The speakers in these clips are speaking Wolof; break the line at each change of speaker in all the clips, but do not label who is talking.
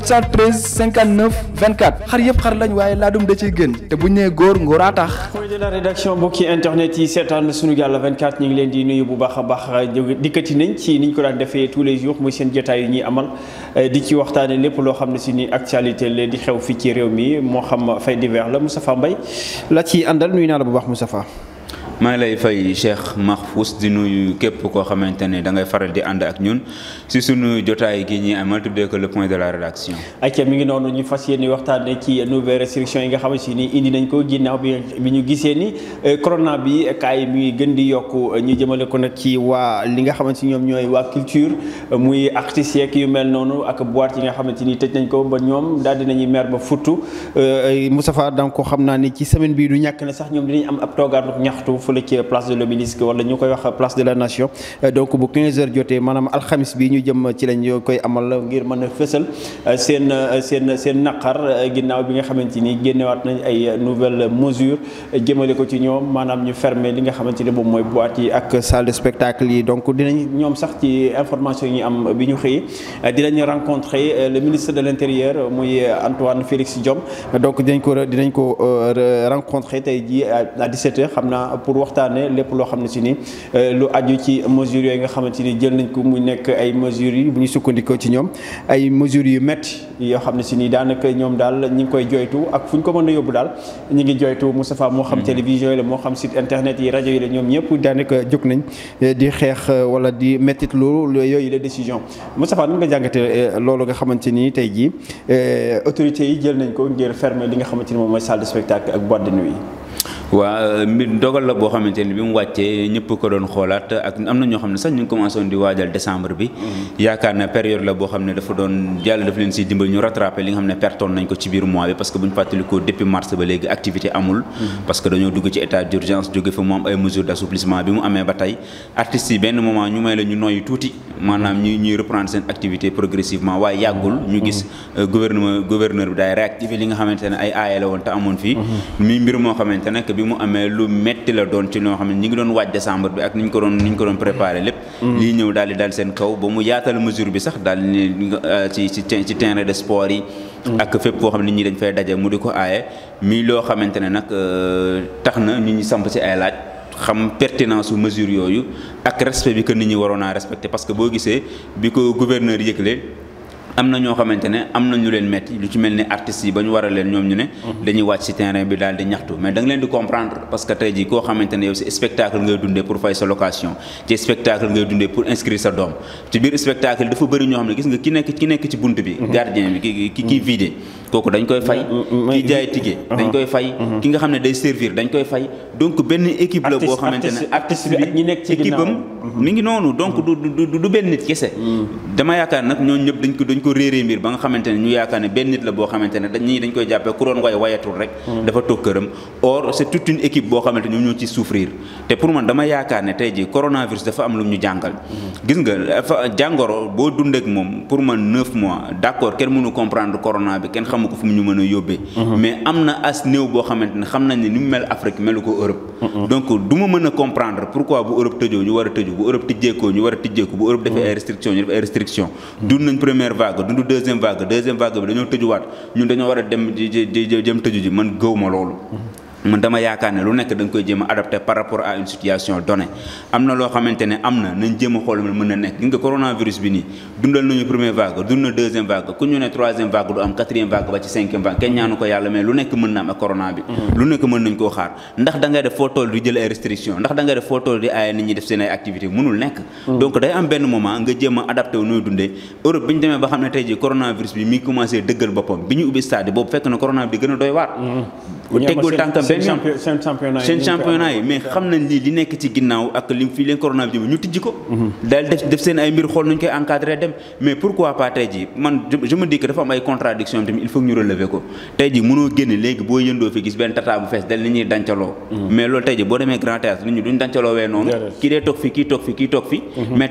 713 59 24 xar yëpp xar lañ waaye laadum da ciy gën te buñ nee góor ngóoraa tax.
point de la rédaction mbokki internet yi seetaan sunu Sunugal 24 ñu ngi leen di nuyu bu baax a baax dikkati nañ ci niñ ko daan defee tous les jours muy seen jotaay yu ñuy amal eh, di ci waxtaanee lépp loo xam ne si ni actualité la di xew fii ci réew mi moo xam fay divers la Moustapha mbay la ci àndal nuy naa la bu baax mu Moustapha.
maa ngi lay fay Cheikh Mahfous di nuyu képp koo xamante ne da ngay faral di ànd ak ñun si sunu jotaay gi ñuy amal tuddee ko le point de la rédaction.
mi ngi noonu ñu fas yéene waxtaanee ci nouvelle restriction yi nga xamante ni indi nañ ko ginnaaw bi ñu gisee ni euh, corona bi kaay gën di yokk ñu jëmale ko nag ci waa li nga xamante ni ñoom ñooy waa culture muy artistes yeeg yu noonu ak boîte yi nga xamante ni tëj nañ ko ba ñoom daal dinañuy mer ba futtu euh, Moustapha donc xam naa ni ci semaine bii du ñàkk na sax ñoom dinañ am ab toogaat ñaxtu fële ci place de l'obélisque wala ñu koy wax place de la nation donc bu 15 heures jotee maanaam alxamis bi ñu jëm ci lañ koy amal ngir mën a fësal seen naqar ginnaaw bi nga xamante ni génnewaat nañ ay nouvelles mesures jëmale ko ci ñoom maanaam ñu fermer li nga xamante ni mooy boîte yi ak salle de spectacle yi donc dinañ ñoom sax ci information yi am bi ñu xëyee dinañ rencontrer le ministre de l'intérieur muy Antoine Félix Diome donc dinañ ko dinañ ko euh, waxtaanee lépp loo xam ne si ni euh, lu aju ci mesures yooyu nga xamante ni jël nañ ko mu nekk ay mesures yi bu ñu sukkandikoo ci ñoom ay mesures yu métti yoo xam ne si nii daanaka ñoom daal ñu ngi koy joytu ak fu ñu ko mën yóbbu daal ñu ngi joytu Moustapha moo xam mm-hmm. télévision yi la moo xam site internet yi rajo yi la ñoom ñëpp daanaka jóg nañ euh, di xeex euh, wala di méttit yooyu la décision Moustapha nu nga jàngatee loolu nga xamante ni tey jii autorités yi jël nañ ko ngir fermer li nga xamante ni moom mooy salle de spectacle ak boîte de nuit
waa euh, mbir dogal la boo xamante ni bi mu wàccee ñëpp ko doon xoolaat ak am na ñoo xam ne sax ñu ngi commencé di waajal décembre bi mm-hmm. yaakaar na période la boo xam ne dafa doon yàlla dafa leen siy dimbal ñu rattrapé mm-hmm. mm-hmm. euh, li nga xamante ne ay aaya la woon te amoon fii mi mbir moo xamante ne bi mu amee lu metti la doon ci ñoo xam ne ñu ngi doon waaj décembre bi ak ni ñu ko doon ni ñu ko doon préparé lépp mm-hmm. lii ñëw daal di daal seen kaw ba mu yaatal mesure bi sax daal ni euh, ci ci ci terrain de sport yi mm-hmm. ak fépp foo xam ne ñi dañ fay daje mu di ko aaye mii loo xamante ne nag euh, tax na ñu ñu samp ci ay laaj xam pertinence su mesure yooyu ak respect bi que nit ñi waroon naa respecté parce que boo gisee bi ko gouverneur lee am na ñoo xamante ne am na ñu leen metti lu ci mel ni artistes yi ba ñu war a leen ñoom ñu ne mhm. dañuy wàcc ci terrain bi daal di ñaxtu mais da leen di comprendre parce que tey jii koo xamante ne yow si spectacle ngay dundee pour fay sa location ci spectacle ngay dundee pour inscrire sa doom ci biir spectacle dafa bëri ñoo xam ne gis nga ki nekk ki nekk ci bunt bi mhm. gardien bi ki ki kii mhm. vidé kooku dañ koy fay. ki nga xam ne day servir dañ koy fay. donc benn équipe la boo xamante ne ak ñi nekk ci ginnaaw équipe mm-hmm. ngi noonu donc du du benn nit kese. Mm. dama yaakaar nag ko dañ ko réeree mbir ba nga xamante ne ñu yaakaar ne benn nit la boo xamante ne dañ ñii dañ koy jàppee ku doon way wayatul rek. Mm. dafa toog këram or c'est toute une équipe boo xamante ñoom ñoo ci souffrir te pour man dama yaakaar ne tey jii coronavirus dafa am lu ñu jàngal. Mm. gis nga jàngoro boo dundee moom pour man neuf mois d'accord kenn mënu comprendre corona bi kenn xam xamu ko fu mu ñu mën a yóbbee uh-huh. mais am na as néew boo xamante ne xam nañ ne ni mu mel Afrique melu ko Europe uh-huh. donc du ma mën a comprendre pourquoi bu Europe tëjoo ñu war a tëju bu Europe tijjeekoo ñu war a tijjeeku bu Europe defee ay uh-huh. restriction ñu def ay restriction dund nañ première vague dund deuxième vague deuxième vague bi dañoo tëjuwaat ñun dañoo war a dem ji jëm tëju ji man gëw ma loolu man dama yaakaar ne lu nekk da koy jéem a par rapport à une situation donnée am na loo xamante ne am na nañ jéem a xool mën na nekk dundal nañu première vague dundal deuxième vague ku ñu ne troisième vague du am quatrième vague ba ci cinquième vague kenn ñaanu ko yàlla mais lu nekk mën na am ak corona bi. Mm-hmm. lu nekk mën nañ koo xaar ndax da def foo toll di jël ay restriction ndax da def foo toll di aaye nit ñi def seen ay activité mënul bu teggul seen
championnat yi mais xam
nañ lii li nekk ci ginnaaw ak li fi leen coronavirus ñu tijji ko. Mhm. daal def def seen ay mbir xool nu koy encadré dem mais pourquoi pas tey jii man je me dafa am ay contradiction tamit il faut ñu relever ko tey jii mënoo génne léegi boo yëndoo fi gis benn tata bu fees dal ni ñuy dancaloo. Mhm. mais loolu tey boo demee Grand Théâtre nit ñi duñ dancaloo wee noonu. kii dee toog fi kii toog fi kii toog fi. Mhm. mais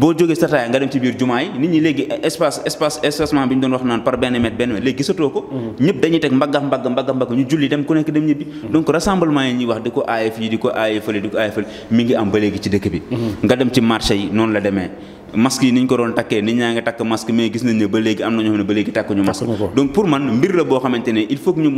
boo jógee sa taaya nga dem ci biir jumaa yi nit ñi léegi espace espace espacement bi ñu doon wax naan par benn mètre benn mètre léegi gisatoo ko mm-hmm. ñëpp dañuy teg mbagga mbagg mbagga mbagg ñu julli dem ku nekk dem ñibbi mm-hmm. donc rassemblement yi ñuy wax di ko aaye fii di ko aaye fële di ko aaye fële mi ngi am ba léegi ci dëkk bi mm-hmm. nga dem ci marché yi noonu la demee masque yi ni ñu ko doon takkee ni ñaa ngi takk masque mais gis nañ ne ba léegi am na ñoo xam ne ba léegi takkuñu masque donc pour man mbir la boo xamante ne il faut que ñu a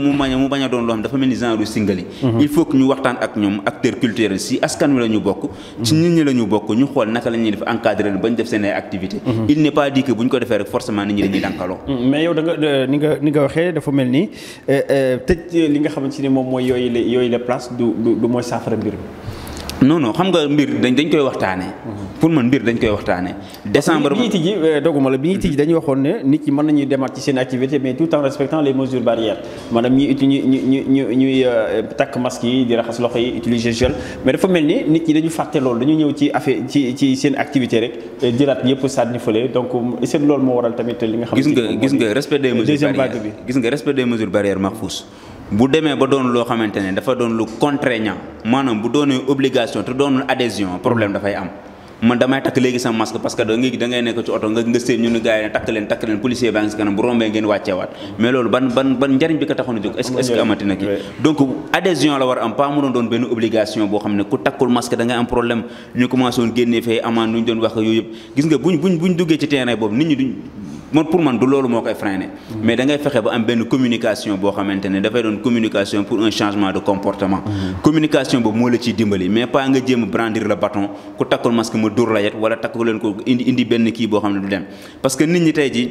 mhm. waxtaan ak ñoom acteur culturel si askan wi la ñu bokk ci mhm. nit ñi la ñu bokk ñu xool naka la ñuy def encadré bañ def seen ay activité mhm. il n'est pas dit que bu ñu ko defee rek forcément nit ñi dañuy dànkaloo
mais yow da ni nga ni nga waxee dafa mel ni euh, euh, tëj li nga xamante ni moom mooy yooyu yooyu la place du du
non xam nga mbir dañ dañ koy waxtaanee. Mhm. pour man mbir dañ koy waxtaanee.
décembre bi ñuy tijji euh, doguma la bi ñuy tijji dañuy waxoon ne nit ñi mën nañuy demaat ci seen activité mais tout en respectant les mesures ñu ñu ñu ñuy euh, takk masque yi di raxas loxo yi utiliser gel mais dafa mel ni nit ñi dañu fàtte loolu dañu ñëw ci affaire ci ci seen activité rek euh, jëlaat yëpp sànni fële donc seen loolu moo waral tamit li nga. xam gis nga gis nga respect des mesures barrières
gis nga respect des mesures barrières Mahfouz bu demee ba doon loo xamante ne dafa doon lu contraignant maanaam bu doonee obligation te doonul adhésion problème mm-hmm. dafay am man damay takk léegi sama masque parce que da nekk ci oto nga séen ñu ne gars takk leen takk leen policier baa ngi si kanam bu rombee ngeen wàcceewaat mm-hmm. mais loolu ban ban njariñ bi ko taxoon a jóg est ce que amati na ki donc adhésion la war am pas mu doon benn obligation boo xam ne ku takkul masque da ngay am problème ñu commencé woon génnee fay amaan nu ñu doon yëpp gis nga buñ buñ buñ duggee ci man pour man du loolu moo koy freiné mais da ngay fexe ba am benn communication boo xamante ne dafay doon communication pour un changement de comportement communication boobu moo la ciy dimbali mais pas nga jéem brandir le bâton ku takkul masque ma dóor la yet wala takkul leen ko indi indi benn kii boo xam ne du dem parce que nit ñi tey ji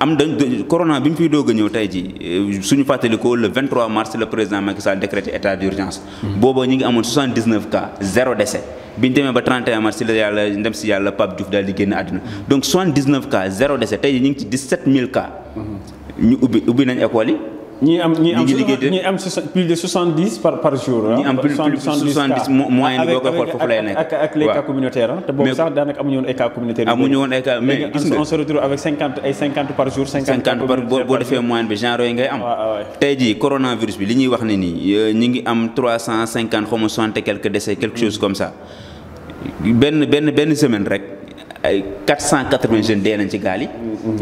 am dañ corona bi mu fiy doog a ñëw tey jii euh, suñu fàttalikoo le 23 mars le président Macky Sall décrété état d'urgence mm. booba ñu ngi amoon 79 cas zéro décès bi ñu demee ba 31 mars si la yàlla ndem si yàlla Pape Diouf daal di génn àdduna donc 79 cas zéro décès tey ñu ngi ci 17000 cas.
Mhm. ñu ubbi ubbi nañ école yi. ñi am ñi am ñi am plus de 70 par par jour. ñi ah. am plus de 70 moyens yi boo ko foofu lay nekk. ak ak les ah. woon ay cas communautaires. gis nga on se retrouve avec 50 ay par jour. 50 par
boo boo defee moyen bi genre yooyu ngay am. tey jii coronavirus bi li ñuy wax ne nii euh, ñu ngi am 350 xaw ma 60 quelques décès quelque chose comme ça benn benn benn semaine rek ay 480 jeunes dee nañ ci gaal yi.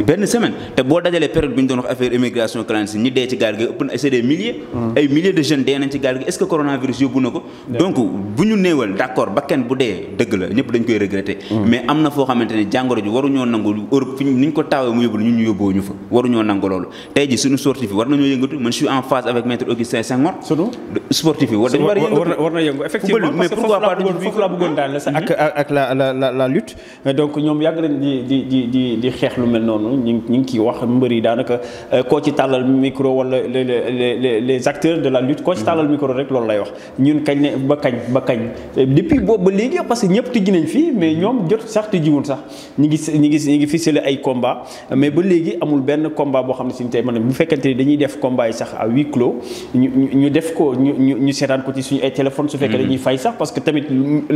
benn semaine te boo dajalee période bi ñu doon affaire immigration clandestine ñi dee ci gaal gi ëpp na c'est des milliers mm-hmm. ay milliers de jeunes dee nañ ci gaal gi est-ce que coronavirus yóbbu na ko donc bu ñu néewal d'accord ba kenn bu dee dëgg la ñëpp dañ koy regretter mm-hmm. mais am na foo xamante ne jàngoro ji waruñoo nangu Europe fi ni ñu ko taawee mu yóbbu ñun ñu yóbboo ñu fa waruñoo nangu loolu tey ji suñu sportif yi war nañoo yëngatu mais
pourquoi noonu ñu ngi ñu ngi ciy wax mbër yi daanaka euh, koo ci tàllal micro wala les les acteurs de la lutte koo ci mm-hmm. tàllal micro rek loolu lay wax ñun kañ ne ba kañ ba kañ euh, depuis boobu ba léegi parce que ñëpp tijji nañ fii mais ñoom jot sax tijjiwul sax ñu ngi ñu ngi ñu ngi ficelé ay combat mais ba léegi amul benn combat boo xam ne suñu tey man bu fekkente ni dañuy def combat yi sax a huis clos ñu ñu def ko ñu ñu ñu seetaan ko ci suñu ay téléphone su fekkee mm-hmm. ñuy fay sax parce que tamit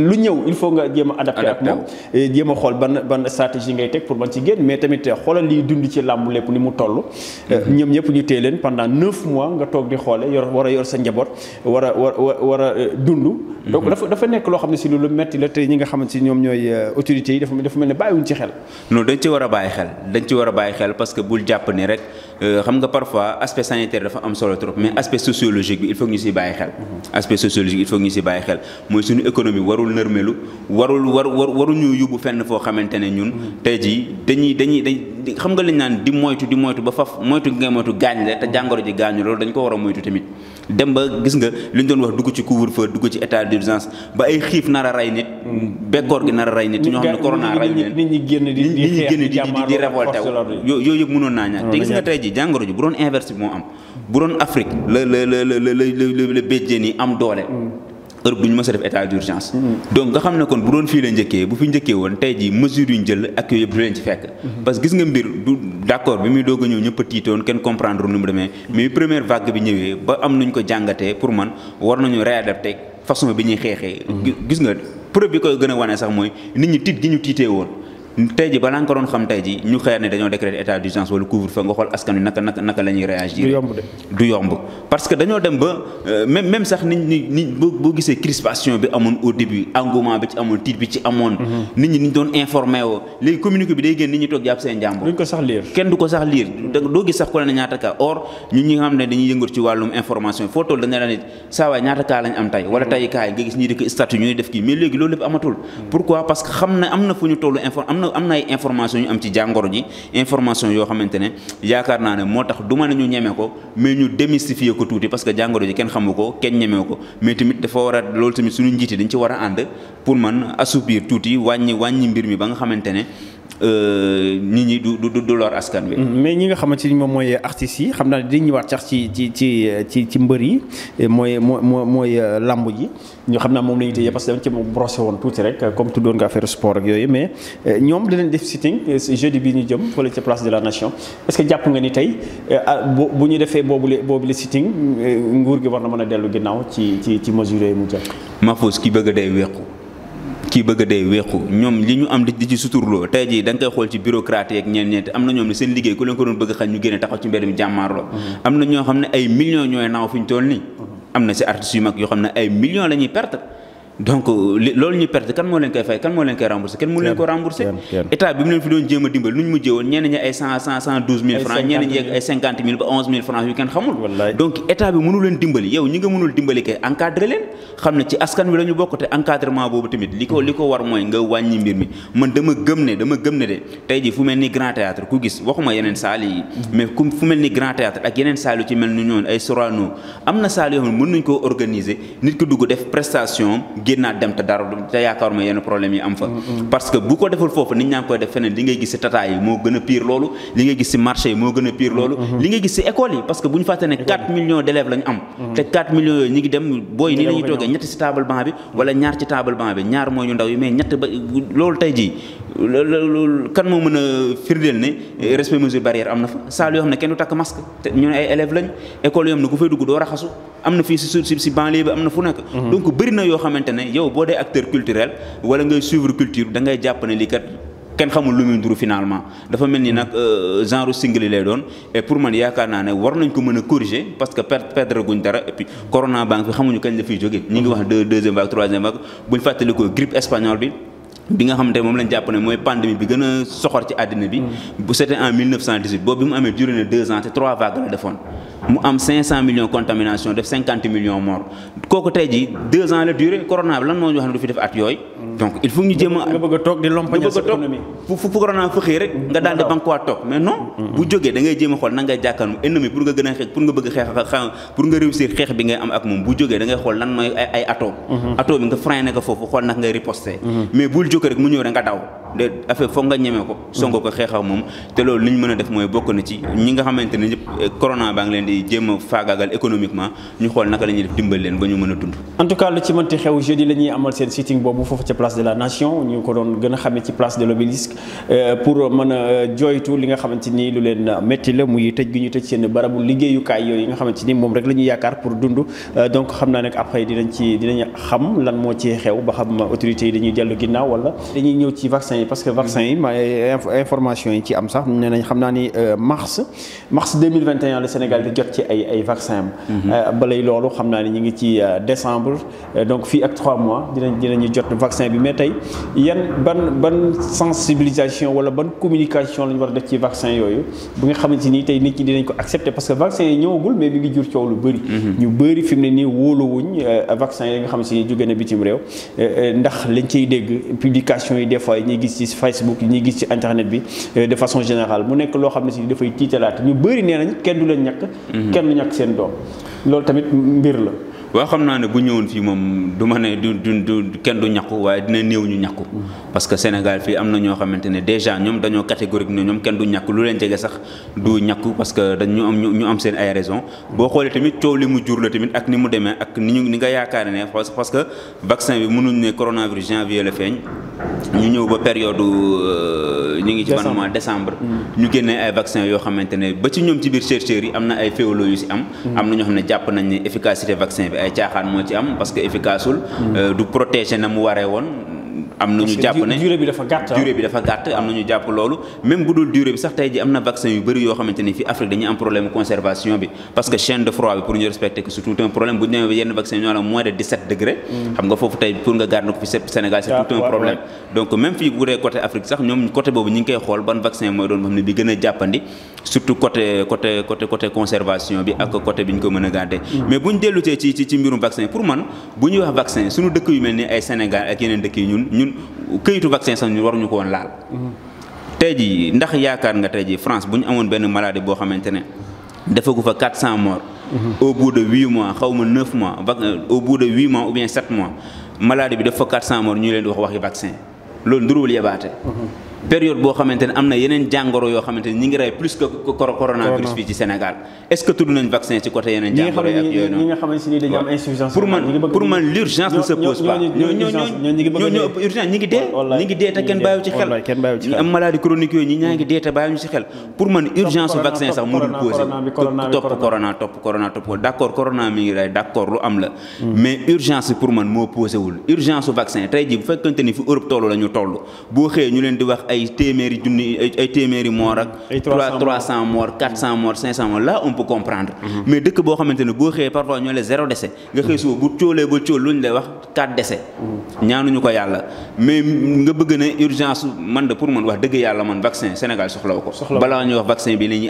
lu ñëw il faut nga jéem a adapté ak moom euh, jéem a xool ban ban stratégie ngay teg pour ban ci tamit xoolal liy dund ci làmb lépp ni mu toll. Mhm. ñoom ñëpp ñu téye leen pendant neuf mois nga toog di xoole yor war a yor sa njaboot war a war war a euh, dund. Mhm. donc dafa dafa nekk loo xam ne si lu metti la te ñi nga xamante si ñoom ñooy euh, autorités yi dafa dafa mel ni bàyyiwuñ ci xel.
non dañ ci war a bàyyi xel dañ ci war a bàyyi xel parce que bul jàpp ni rek. Euh, xam nga parfois aspect sanitaire dafa am solo trop mais aspect sociologique bi il faut que ñu si bàyyi xel. aspect sociologique il faut que ñu si bàyyi xel mooy suñu économie warul nërmelu warul war waruñu yóbbu fenn foo xamante ne ñun. tey jii dañuy dañuy dañ xam lañ naan di moytu di moytu ba faf moytu gi gaañ la te jàngoro ji gaañu loolu dañ ko war a moytu tamit. dem ba gis nga li ñu doon wax dugg ci couvre-feu dugg ci état d'urgence ba ay xiif nar a rey nit. bekkoor gi nar a rey nit. ñoo xam ne corona rey nit
ñi génn di di y révolté wu
yooyu mënoon naa jàngoro ji bu doon inverse moo am bu doon Afrique la la la la la la béjjén am doole. Europe du ñu mës a def état d' donc nga xam ne kon bu doon fii la njëkkee bu fi njëkkee woon tey jii mesures yu ñu jël ak yooyu yëpp du leen ci fekk. parce que gis nga mbir du d' bi muy doog ñëw ñëpp a tiitoon kenn comprendre nu mu demee. mais première vague bi ñëwee ba am nuñ ko jàngatee pour man war nañu réadapté façon bi ñuy xeexee. Mm. gis nga preuve bi koy gën wane sax mooy nit ñi tiit gi ñu tiitee woon. tey ji balaa nga doon xam tey ñu xëyat dañoo décréter état d'urgence wala couvre-feu nga xool askan wi naka naka naka la réagir. du yomb de parce que dañoo dem ba euh, même sax nit ñi nit ñi mm-hmm. doon informé léegi communiqué bi day génn nit ñi toog jàpp seen jàmbur. duñ ko sax liir kenn du ko sax liir doo gis sax ku ne ñaata kaa or ñun ñi xam ne dañuy yëngatu ci wàllum information foo toll dañu la ne saa ñaata kaa lañ am tey wala mm-hmm. tey kaay nga na am na ay information ñu am ci jàngoro ji information yoo xamante ne yaakaar naa ne moo tax du ma ne ñu ñeme ko mais ñu démystifier ko tuuti parce que jàngoro ji kenn xamu ko kenn ñeme ko mais tamit dafa war a loolu tamit suñu njiit dañ ci war a ànd pour man assoupir tuuti wàññi wàññi mbir mi ba nga xamante ne Euh, nit ñi du du du du lor askan wi.
Mm, mais ñi nga xamante ni moom mooy artistes yi xam naa di ñëwaat sax ci ci ci ci yi mooy mooy mooy euh, làmb ji ñu xam naa moom la ñuy tëjee parce que dama ci brossé woon tuuti rek comme tuddoon nga affaire sport ak yooyu mais euh, ñoom dinañ def sitting jeudi bi ñu jëm fële ca place de la nation est que jàpp nga ni tey ah, bu bu ñu defee boobu boobule sitting nguur gi war na mën a dellu ginnaaw ci ci ci mesure yi mu jël.
Mahfouz ki bëgg day wéqu. kii bëgg a dee weexu ñoom li ñu am di ci suturloo tey jii da nga koy xool ci bureaucratie ak ñeen ñeent am na ñoom ne seen liggéey ku leen ko doon bëgg xañ ñu génne taxaw ci mbedd mi jàmmaarloo mm-hmm. am na ñoo xam ne ay millions ñooy naaw fi ñu toll nii mm-hmm. am na si artistes yu mag yoo xam ne ay millions la perte donc li loolu ñu perte kan moo leen koy fay kan moo leen koy remboursé kenn mënu leen ko remboursé état bi mu leen fi doon jéem a dimbal lu dimbali yow ñu bokk te encadrement boobu tamit li ko li ko war mooy nga wàññi mbir mi man dama gëm ne dama gëm ne de tey ji fu mel ni grand théâtre ku gis waxuma mm-hmm. ni grand théâtre ak yeneen saal yu ci mel ni ay Sorano am na saal yoo xam ne mën nañ koo organiser nit ko dugg def prestation génnaat yaakaaruma yenn problème yi am fa parce que bu ko deful foofu nit ñaa koy def feneen li ngay gis si tata yi moo gën a pire loolu li ngay gis si marché yi moo gën a pire loolu li ngay gis si école yi parce que bu ñu fàtte ne 4 millions d' am mm-hmm. te 4 millions yooyu ñi ngi dem booy nii la ñuy ñett si table banc bi mm-hmm. wala ñaar ci table banc bi ñaar mooy ñu ndaw yi mais ñett ba loolu tey jii kan moo mën a firndeel ne eh, respect xamante ne yow boo dee acteur culturel wala ngay suivre culture da ngay jàpp ne lii kat kenn xamul lu muy nduru finalement dafa mel ni nag mm. euh, genre single lay doon et pour man yaakaar naa ne war nañ ko mën a corriger parce que perte perdre guñ dara et puis corona baa ngi xamuñu kañ la fiy jógee. ñu ngi wax deux deuxième vague troisième vague buñ fàttalikoo grippe espagnole bi. bi nga xamante moom lañ jàpp ne mooy pandémie bi gën a soxor ci àddina bi. Mm. bu c'était en 1918 boobu bi mu amee duré na deux ans te trois vagues la defoon. mu am 500 millions contamination def 50 millions morts kooku tey jii deux ans la durée corona bi lan moo ñu wax ne du fi def at yooyu. Mm. donc mm. pour nga gën a xeex pour nga bëgg xeex pour nga réussir xeex bi ngay am ak moom bu jógee da ngay lan mooy ay ato. ato mm-hmm. ko rek mu ñëw rek nga daw de affaire foog nga ñeme ko songo ko xeexaw moom te loolu li mën a def mooy bokk na ci ñi nga xamante ne eh, ñu xool naka la ñuy def dimbal leen ba ñu mën a dund
en tout cas lu ci euh, euh, li nga xamante ni lu leen métti la muy tëj gi ñu tëj seen barabu liggéeyukaay yooyu nga xamante ni moom rek la ñuy yaakaar pour dund euh, donc xam naa nag après dinañ ci dinañ xam lan moo ci xew ba xam autorités yi dañuy dellu ginnaaw wala dañuy ñëw ci vaccin yi parce que vaccin yi may information yi ci am sax nee nañ xam naa ni euh, mars mars 2021 la Sénégal di jot ci ay vaccin am mhm. euh, balay loolu xam naa ni ñu ngi ci euh, décembre donc fii ak 3 mois dinañ ñu jot vaccin bi mais tey yan ban ban sensibilisation wala ban communication lañ war a def ci vaccin yooyu bu nga xamante ni tey nit ñi dinañ ko accepter parce que vaccin yi ñëwagul mais bi ngi jur coow lu bëri mhm. ñu bëri fi mu ne nii wóoluwuñ vaccin yi nga xam ni jóge na bitim réew gis ci Facebook yi gis ci internet bi euh, de façon générale mu nekk loo xam ne si dafay tiitalaat ñu bëri nee nañ kenn du leen ñàkk. Mhm. kenn du ñàkk seen doom loolu tamit mbir la. waaw xam naa ne bu
ñëwoon fii moom du ma ne du du du kenn du ñàkku waaye dina néew ñu ñàkku mhm. parce que Sénégal fii am na ñoo xamante ne déjà ñoom dañoo catégorique ne ñoom kenn du ñàkku lu leen jege sax du ñàkku parce que dañu am ñu am seen ay raison mhm. boo xoolee tamit coow li mu jur la tamit ak ni mu demee ak ni ñu ni nga yaakaar ne parce que vaccin bi mënuñ ne coronavirus janvier la feeñ ñu ñëw ba période euh, ñu ngi ci ban mois décembre mm. ñu génnee ay vaccin yoo xamante ne ba ci ñoom ci biir chercheurs yi am na ay féolo yu si am mm. am na ñoo xam ne jàpp nañ ne efficacité vaccin bi ay caaxaan moo ci am parce que efficaceul mm. euh, du protéger na mu waree woon am na ñu jàpp ne
durée bi dafa gàtt
durée bi dafa gàtt am na ñu loolu même bu dul durée bi sax tey ji am na vaccin yu bëri yoo xamante ni fii Afrique dañuy am problème conservation bi parce que chaîne de froid bi pour ñu respecter ko c'est tout un problème bu ñu demee yenn vaccin ñoo la moins de 17 degré mm. xam nga foofu tey pour nga garder ko fi Sénégal c'est tout problème donc même fii bu dee côté Afrique sax ñoom côté boobu ñi ngi koy xool ban vaccin mooy doon bi gën jàppandi surtout côté côté côté côté conservation bi ak côté bi ñu ko mën a garder. Mm. mais bu ñu dellutee ci ci ci mbirum vaccin pour man bu ñuy wax vaccin suñu dëkk yu mel ni ay Sénégal ak yeneen dëkk yi ñun ñun këyitu vaccin sax ñun waruñu ko woon laal. Mm. tey jii ndax yaakaar nga tey jii France bu ñu amoon benn maladie boo xamante ne defagu fa 400 morts. Mm-hmm. au bout mois xaw ma 9 mois vac euh, au bout de 8 mois ou bien 7 mois maladie bi def fa 400 morts ñu leen di wax waxi vaccin loolu nduruwul yebaate. Mm-hmm. période boo xamante ne am na yeneen jàngoro yoo xamante ne ñi ngi rey plus que coronavirus fii ci Sénégal est-ce que tudd nañ vaccin ci côté yeneen jàngoro
yi pour man pour man l'urgence pose pas ñoo urgence ñi ngi dee ñi ngi dee kenn bàyyiwu
ci xel ñi chronique yooyu ñi ñaa ngi dee te bàyyiwu ci xel pour man urgence vaccin sax mënul posé topp corona topp corona topp ko d'accord corona mi ngi rey d'accord lu am la hmm. mais urgence pour man ay téeméeri junni ay téeméeri mort ak. ay 300 300 mort 400 mort 500 mort on peut comprendre. Mhm. mais dëkk boo xamante ne mhm. ko yàlla mais nga bëgg ne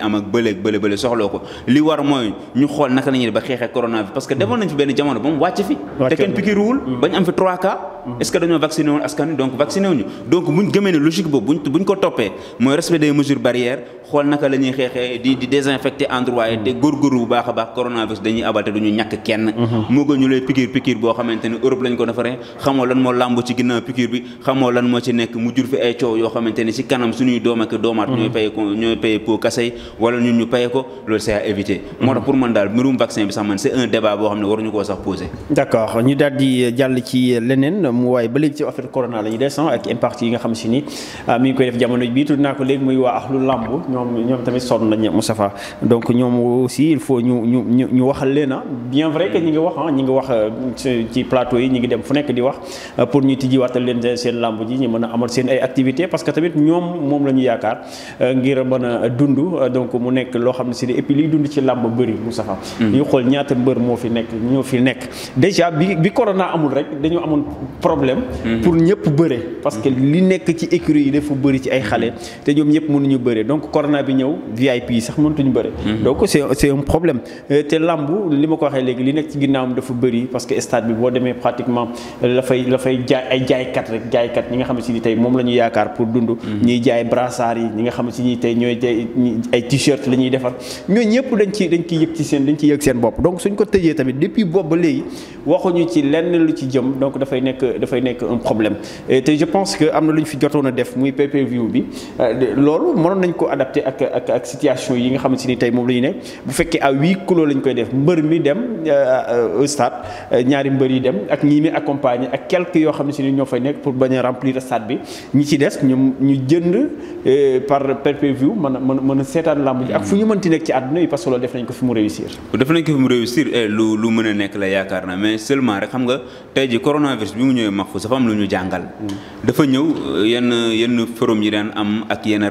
am ak bële bële bële soxlaw ko li war mooy ñu xool naka la ba xeexee corona parce que demoon nañ fi benn jamono ba wàcc fi. te kenn pikiruwul mhm. bañ am fi 3 cas. est-ce que dañoo vacciné donc vacciné wuñu donc buñ boobu buñ buñ ko toppee mooy respect des mesures barrières xool naka la xeexee di di endroit yi te mm-hmm. góorgóorlu bu baax a baax coronavirus dañuy abal te du ñu kenn mm-hmm. moo gën ñu lay piqûre piqûre boo xamante ne Europe lañ ko defaree xamoo lan mm-hmm. paye ko loolu c'est à moo tax pour man daal mbirum vaccin bi sax man c'est un débat boo xam ne waruñu koo sax poser
d'accord ñu daal jàll ci leneen mu waaye ba léegi ci affaire corona la ñu des ah, ak impact yi nga xam si ni ah, mi ngi koy def jamono bi tudd naa ko léegi ñoom ñoom tamit sonn nañ Moustapha donc ñoom aussi ñu ñu ñu ñu waxal leen ah. bien vrai que ñi ngi wax ah ñi ngi wax euh, ci plateau yi ñi ngi dem fu nekk di wax euh, pour ñu tijjiwaatal leen seen làmb ji ñu mën a amal seen ay activité parce que tamit ñoom moom la ñu yaakaar euh, ngir mën a dund donc mu nekk loo xam ne si et puis liy dund ci làmb bëri Moustapha hmm. ñu xool ñaata mbër moo fi nekk ñoo fi nekk déjà bi bi corona amul rek dañu amoon problème hmm. pour ñëpp bëre parce que hmm. li nekk ci écurie yi dafa bëri ci corona bi ñëw VIP yi sax mënatuñu bëri. Mhm. donc c'est c'est un problème euh, te lamb li ma ko waxee léegi li nekk ci ginnaawam dafa bëri parce que stade bi boo demee pratiquement euh, la fay jaay ay jaaykat rek jaaykat ñi nga xam ne si ni tey moom la ñu yaakaar pour dund. Mhm. ñiy jaay brassard yi ñi nga xam ne si ni tey ñooy ay t-shirt la defar ñooñu ñëpp dañ ci dañ ciy yëg ci seen dañ ciy yëg seen bopp donc suñ ko tëjee tamit depuis boobu ba léegi waxuñu ci lenn lu ci jëm donc dafay nekk dafay nekk un problème te je pense am na fi jotoon a def muy ak ak ak situation yi nga xamante ni tey moom la ñu ne bu fekkee à huis clos la ñu koy def mbër mi dem euh, euh, au euh, ñaari mbër yi dem ak ñi mi accompagner ak quelques yoo xam ne si ni ñoo fay nekk pour bañ a remplir stade bi ñi ci des ñu ñu jënd par pay-per-view mën a mën a seetaan làmb ji ak fu ñu mënti nekk ci àdduna yi parce que loolu def nañ ko fi mu réussir.
def nañ ko fi mu réussir eh, lu lu mën a nekk la yaakaar na mais seulement rek xam nga tey ji coronavirus bi mu ñëwee Mahfou dafa am lu ñu jàngal. Mm. dafa ñëw yenn yenn forum yi daan am ak yenn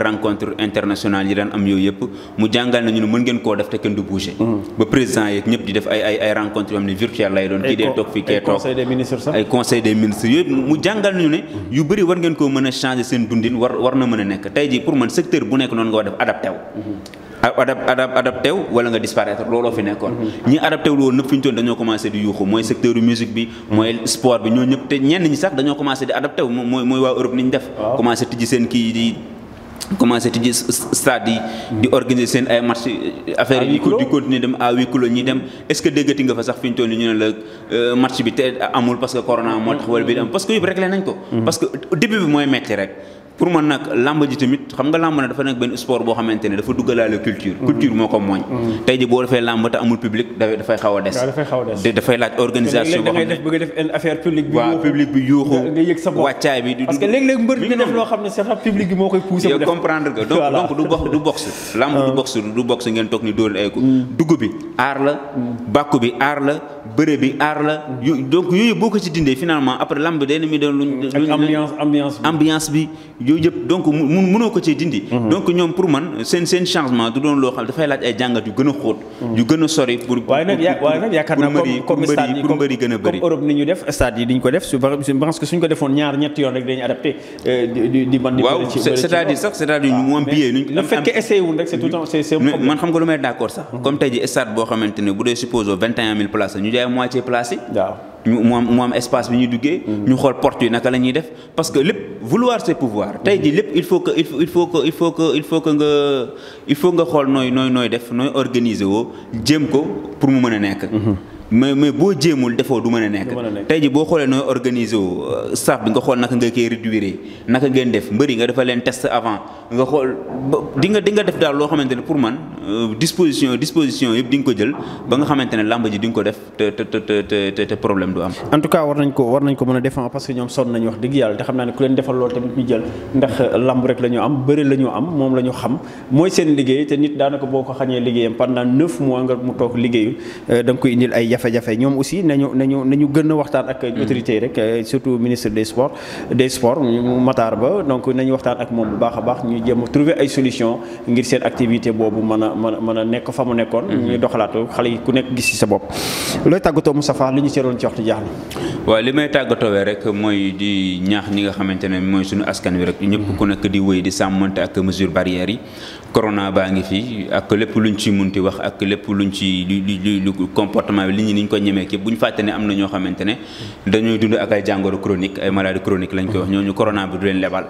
accident yi daan am yooyu yëpp mu jàngal nañu ne mën ngeen koo def te kenn du bouger mm. ba président yeeg di def ay ay rencontre yoo xam ne virtuel lay doon kii dee toog fii kee toog ay conseil des ministres yooyu mu jàngal nañu ne yu bëri war ngeen koo mën a changer seen dundin war na mën a nekk tey ji pour man secteur bu nekk noonu nga war def adapté wu mm-hmm. adap adap adapté wu wala nga disparaître looloo fi nekkoon mm-hmm. ñi adapté mm-hmm. wu loolu nëpp mooy waa Europe ni ñu def commencé tijji stade yi. di organiser seen ay match affaire yi di continuer dem à huis clos ñi dem est-ce que déggati nga fa sax fi ñu toll nii ñu ne la euh, match bi te amul parce que corona moo tax wala bi am parce que yëpp réglé nañ ko. Mm-hmm. parce que bi mooy metti rek. pour man nag làmb ji tamit xam nga làmb na dafa nekk benn sport boo xamante ne dafa duggalaale culture mm-hmm. culture moo ko mooñ mm-hmm. tey ji boo defee làmb te amul public dafay xaw des dafay laaj organisation boo xam ne bëgg sa bopp bi moo koy poussé yow comprendre donc donc du box du box làmb du ah. box du box ngeen toog ni dóor ay mm. dugg bi aar la mm. bàkku bi aar la bëre bi aar la. donc yooyu boo ko ci dindee finalement après lamb day mi doon luñ. ak ambiance bi yooyu yëpp donc mun munoo ko cee dindi. Mhm. donc ñoom pour man seen seen changement du doon loo xam dafay laaj ay jàngat yu
gën a mhm. yu gën sori pour. waaye nag bëri. ni ñu def stade yi diñ ko def su parce que suñ ko defoon ñaar ñetti yoon rek dañuy adapté. Euh, di di ban di bëri ci sax cest à mu am billet. ñu am le fait que wul man xam nga lu may d'accord
jaay moitié place yi. waaw ñu mu am espace bi ñuy duggee. Mhm. ñu xool porte yi naka la ñuy def parce que lépp vouloir c'est pouvoir. tey jii mhm. lépp il faut que il faut que il faut que il faut que nga il faut nga xool nooy nooy nooy def nooy organiser woo jéem ko pour mu mën a nekk. Mhm. mais mais boo jéemul defoo du mën nekk tey ji boo xoolee nooy organiser wu euh, bi nga xool naka nga koy réduire naka ngeen def mbëri nga defal leen test avant nga xool di nga di nga def ne pour man euh, disposition disposition yëpp di nga ko jël ba nga xamante ne làmb ji di nga ko def te te te te te problème du am
en tout cas war nañ ko war nañ ko mën a défendre parce que ñoom sonn nañu wax dëgg yàlla te xam naa ne ku leen defal loolu tamit ñu jël ndax euh, làmb rek la am bëri la ñu am moom la xam mooy seen liggéey te nit daanaka boo ko xañee liggéeyam pendant neuf mois nga mu toog liggéeyul da jafe-jafe ñoom aussi nañu nañu nañu gën a waxtaan ak hmm. autorité yi rek euh, surtout ministre des sports des sports Matar Ba donc nañu waxtaan ak moom bu baax a baax ñu jéem a trouver ay solution ngir seen activité boobu mën a mën a mën a nekk fa mu nekkoon hmm. ñu doxalaatu xale yi ku nekk gis ci sa bopp looy tàggatoo mu sa Moustapha li ñu seeroon ci waxtu jaax
na li may tàggatoowee rek mooy di ñaax ñi nga xamante ne mooy suñu askan wi rek ñëpp ku nekk di wéy di sàmmante ak mesure barrières yi corona baa ngi fi ak lépp luñ ci ti wax ak lépp lu ñu ci lu lu lu comportement bi li ñu ni ñu ko ñemee képp bu ñu fàtte ni am na ñoo xamante ne dañuy dund ak ay jàngoro chronique ay maladie chronique lañ koy wax ñooñu corona bi du leen lebal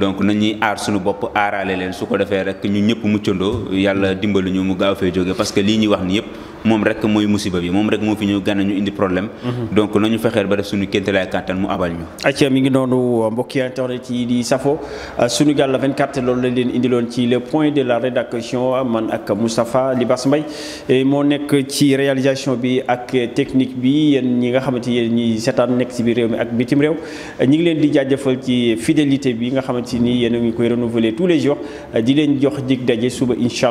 donc nañuy aar suñu bopp aaraale leen su ko defee rek ñu ñëpp muccandoo yàlla dimbalu ñu mu gaaw fee jógee parce que lii ñuy wax ni yëpp moom rek mooy musiba bi moom rek moo fi ñëw gànna ñu indi problème. Mhm. donc nañu fexeel ba def suñu kéemtalaay kàttan mu abal ñu.
ayca mi ngi noonu mbokki internet yi di euh, ci le point de la rédaction man ak Moustapha Libas Mbaye moo nekk ci réalisation bi ak technique bi ñi nga xamante yéen ñi seetaan nekk ci biir réew mi ak bitim réew ñi ngi leen di jaajëfal ci fidélité bi nga xamante ni yéen a ngi koy renouveler tous les jours euh, di leen jox dig daje suba incha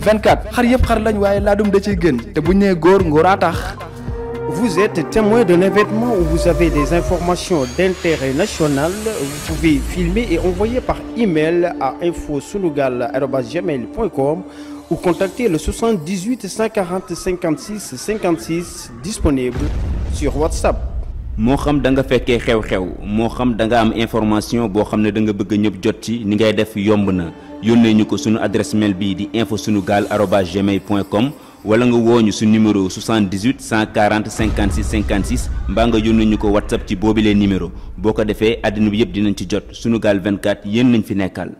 24 xar yëpp xar lañ waaye laadum da ciy gën te bu ñu nee góor ngóoraa tax.
Vous êtes témoin d'un événement ou vous avez des informations d'intérêt national, vous pouvez filmer et envoyer par email à infosunugal@gmail.com ou contacter le 78 140 56 56 disponible sur WhatsApp.
moo xam da nga fekkee xew-xew moo xam da nga am information boo xam ne da nga bëgg ñëpp jot ci ni ngay def yomb na. yónnee ñu ko sunu adresse mail bii di info sunu gaal arobase gmail point com wala nga wooñu su numéro 78 140 56 56 mbaa nga yónnee ñu ko whatsapp ci boobilee numéro boo ko defee àddina bi yëpp dinañ ci jot sunu gaal 24 yéen nañ fi nekkal